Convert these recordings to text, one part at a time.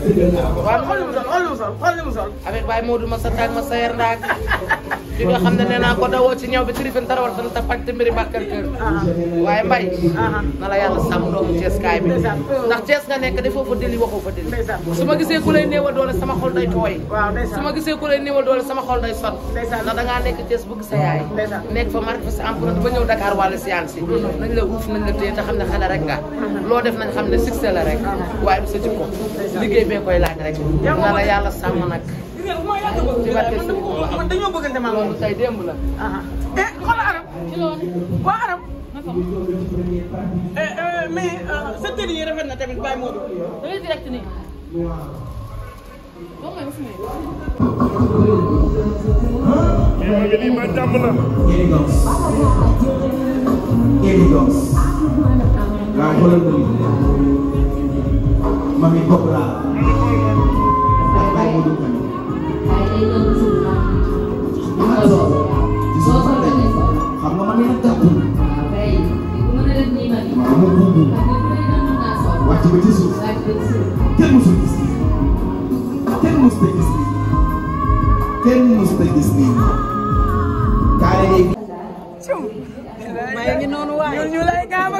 waaw xool li mu sol xool li mu sol ma sa tàgg ma sa yer ndaag fi ne nee naa ko dawoo ci ñëw bi trifin tarawal fan ta pàcc mbiri bàkkar kër waaye mbay na la yàlla sàmm doomu Thiès kaay bi ndax Thiès nga nekk defoo foofu dili waxoo fa dili su ma gisee ku lay néewal doole sama xol day tooy su ma gisee ku lay néewal doole sama xol day son ndax dangaa nekk Thiès bëgg sa yaay nekk fa marqué fa sa empreinte ba ñëw Dakar wàllu science yi nañ la uuf nañ la téye te xam ne xale rek nga loo def nañ xam ne succès la rek waaye du sa jikko liggéey bee koy la yàlla sàmm nag. ci barke Sëriñ Tuuba dañoo bëggante ma loolu tey démb la. eh xoolal Arame. ci loolu waa Arame. Eh, eh, mais euh, sa tëri yi rafet na tamit Baye Modou. Mami Bobra. Waktu begitu, kan musuh musuh nyulai kamu.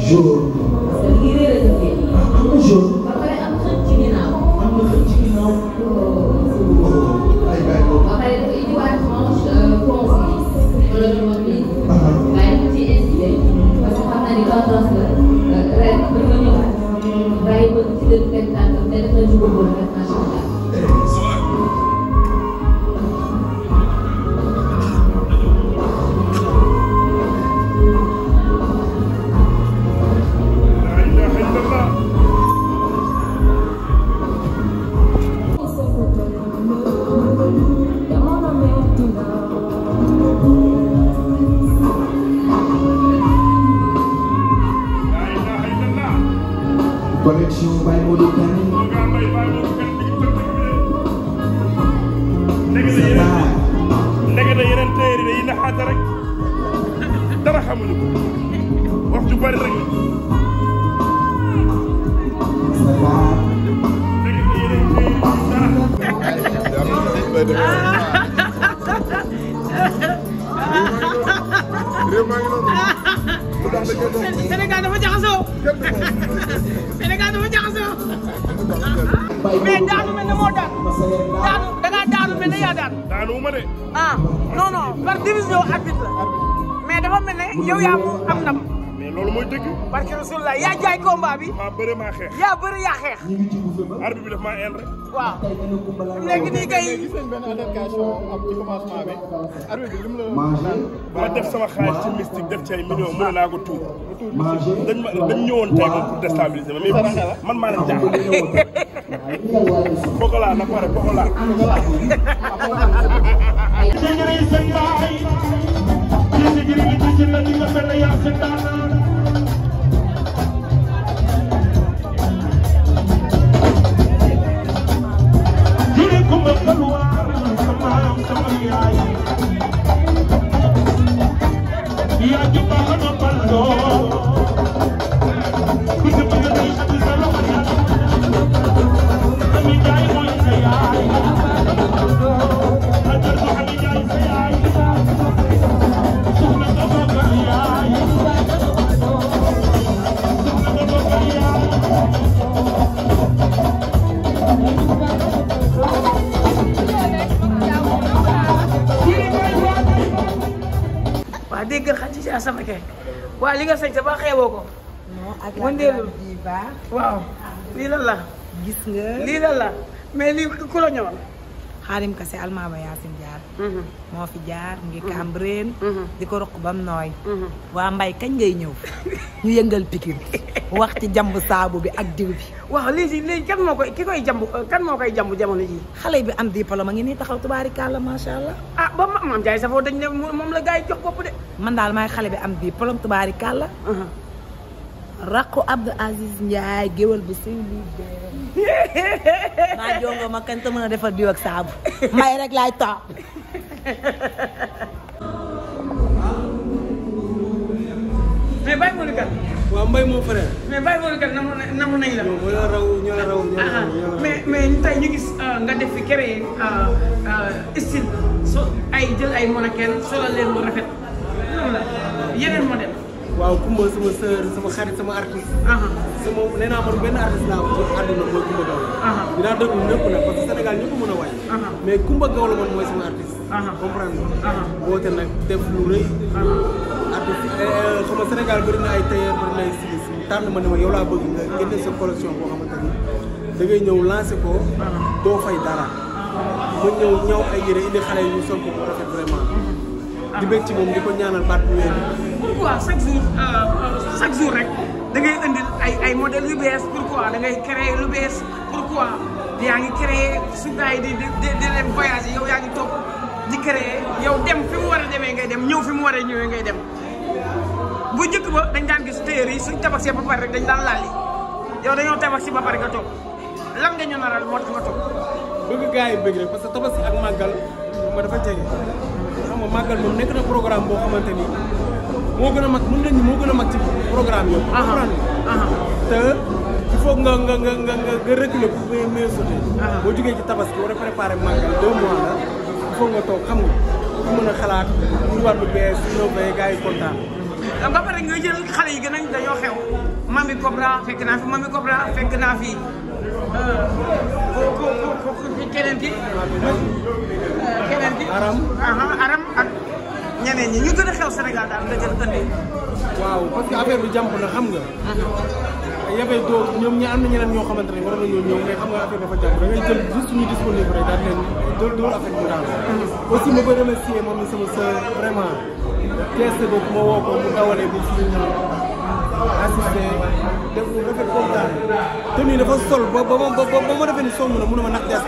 jour. am na jour. ba pare am xëy ci ginnaaw. am na xëy ci ginnaaw. ay bàyyi ko. ba pare dafa indiwaat tranche ponce bi. loolu moom bi. bàyyi ko ci incité. parce que xam naa ni tendance la. Correction by Modicani. nekk na mais daanu mel ne moo daan daanu da ngaa daanu mel ne yaa de. ah non non par division arbitre la mais dafa mel ne yow yaa mu loolu mooy dëgg. parce que rasulullah yaa jaay combat bi. maa bëre maa xeex. yaa def sama xaalis ci mystique def ci man maa leen jaaxal. Pogola na déggal xaj ci sama kay waaw li nga sañ sa ba xeeboo ko. non ak wëndeelu bi baax. waaw lii la. gis nga lii lan la mais lii ku la ñëwoon. xaarim kase almaama yaasin jaar mhm. moo fi jaar ngi Cambérène mhm. mhm. di ko roq bam nooy waa mbay kañ ngay ñëw ñu yëngal pikin wax ci jamb saabu bi ak diw bi waaw léegi léegi kan moo koy ki koy jamb euh, kan moo koy jamb jamono ji xale bi am diplôme a ngi nii taxaw tubaarikàlla macha allah a ah, ba maam jaay safoo dañ ne moom la gars yi jox bopp de man daal maay xale bi am diplôme tubaarikàlla Rakku Abdou Aziz Ndiaye géwal bu sëy lii ma kañ te mën a defar diw ak saabu may rek laay topp mais Baye Modou Kane. waaw Mbaye moom frère. mais Baye Modou Kane namoon namoon nañ la. ñoo la raw ñoo la raw ñoo la raw. mais mais tey ñu gis euh, nga waaw Kumba sama sœur sama xarit sama artiste. sama nee naa benn artiste laa ko àdduna mooy Kumba Gawlo. dinaa déglu a mais Kumba Gawlo man mooy sama artiste. comprendre nga. woote nag def lu rëy. artiste eh, eh, xam nga Sénégal ay tailleur bëri ay styliste tànn ma ne ma yow laa bëgg nga génne sa collection boo xamante ni da ngay ñëw lancé ko. doo fay dara. mu ñëw ay yére indi xale yu ñu sol ko mu rafet vraiment. di bëgg ci moom di ko ñaanal baat bu wér pourquoi chaque jour euh, euh, chaque jour rek da ngay indil ay ay modèles yu bees pourquoi da ngay créer lu bees pourquoi yaa créer su gars di di di leen voyage yow yaa ngi di créer yow dem fi mu war a ngay dem ñëw fi mu war a ngay dem bu njëkk ba dañ daan gis téer yi suñ tabax si ba pare rek dañ daan laal yow dañoo tabax si ba pare nga topp nga ñu naral moo tax nga topp bëgg gars bëgg rek parce que tabax ak màggal ma dafa jege màggal moom nekk na programme boo xamante ni moo gën a mag mën nañu moo gën a mag ci programme yooyu. comprendre te il faut nga nga nga nga nga reculer pour nga mën boo jógee ci tabaski war a préparer màggal deux mois la il faut nga toog xam nga mën a xalaat pour war lu bees ñëw ba gars yi kontaan. ba pare nga jël xale yi gën a dañoo xew. Mamy Cobra fekk naa fi Mamy Cobra fekk naa fi. keneen ki keneen ki aram aram ak ñeneen ñi ñu gën a xew Sénégal daal nga jël andi waaw parce que bi jàmp na xam nga yabee doo ñoom ñi am na ñeneen ñoo xamante ne war na ñoo ñëw mais xam nga affaire dafa jàpp da ngay jël juste ñu disponible rek daal leen dool dool daal aussi ma koy remercier moom ni sama sœur vraiment test boobu woo ko mu dawalee bu si ñu assisté def ko rafet kontaan te nii dafa sol ba ba ba ba ma defee ni sonn na mënuma nax des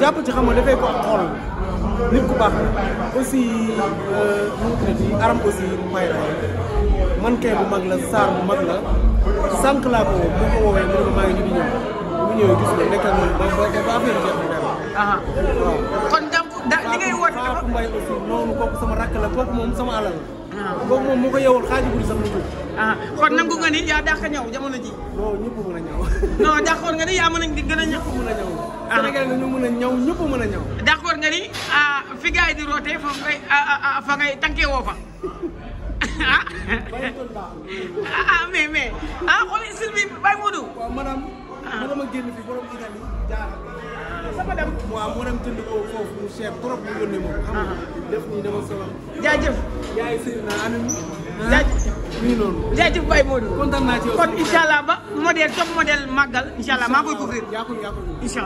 jàpp ci xam nga dafay ko xool nit ku baax aussi euh, nu mu tuddati aram aussi may man kay bu mag la saar bu mag la sànq laa ko woo bu ko woowee mu maa ngi ñu di ñëw gis nga nekkal man ba ba ba affaire bi jeex na waaw Mbaye aussi noonu kooku sama rakk la kooku moom sama alal la. Ah. kooku moom mu ko yeewul xaaju guddi sax mu jóg. ah kon nangu nga ni yaa dàq ñëw jamono ji. a ñëw. non d'accord nga a gën a ñëpp mën a ñëw. ah nga ñu mën a ñëw ñëpp a ñëw. d'accord nga ni ah, fi gars yi di rootee fa ngay ah, fa ngay tànkee woo fa. ah ah mais mais ah xooli sylvie Baye Modou. waaw maanaam. ah maanaam a génn fi borom Italie waaw mu dem tënd ko foofu mu cher trop mu yónnee moom. xam nga ah. def nii dama solo. jaajëf. yaay sëñ na anam. jaajëf ah, mi ngi noonu. jaajëf Baye Modou. kontaan naa ci yow kon incha allah ba màggal incha allah maa koy couvrir. yaa ko yaa ko incha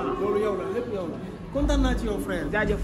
lépp yow la kontaan naa ci yow frère.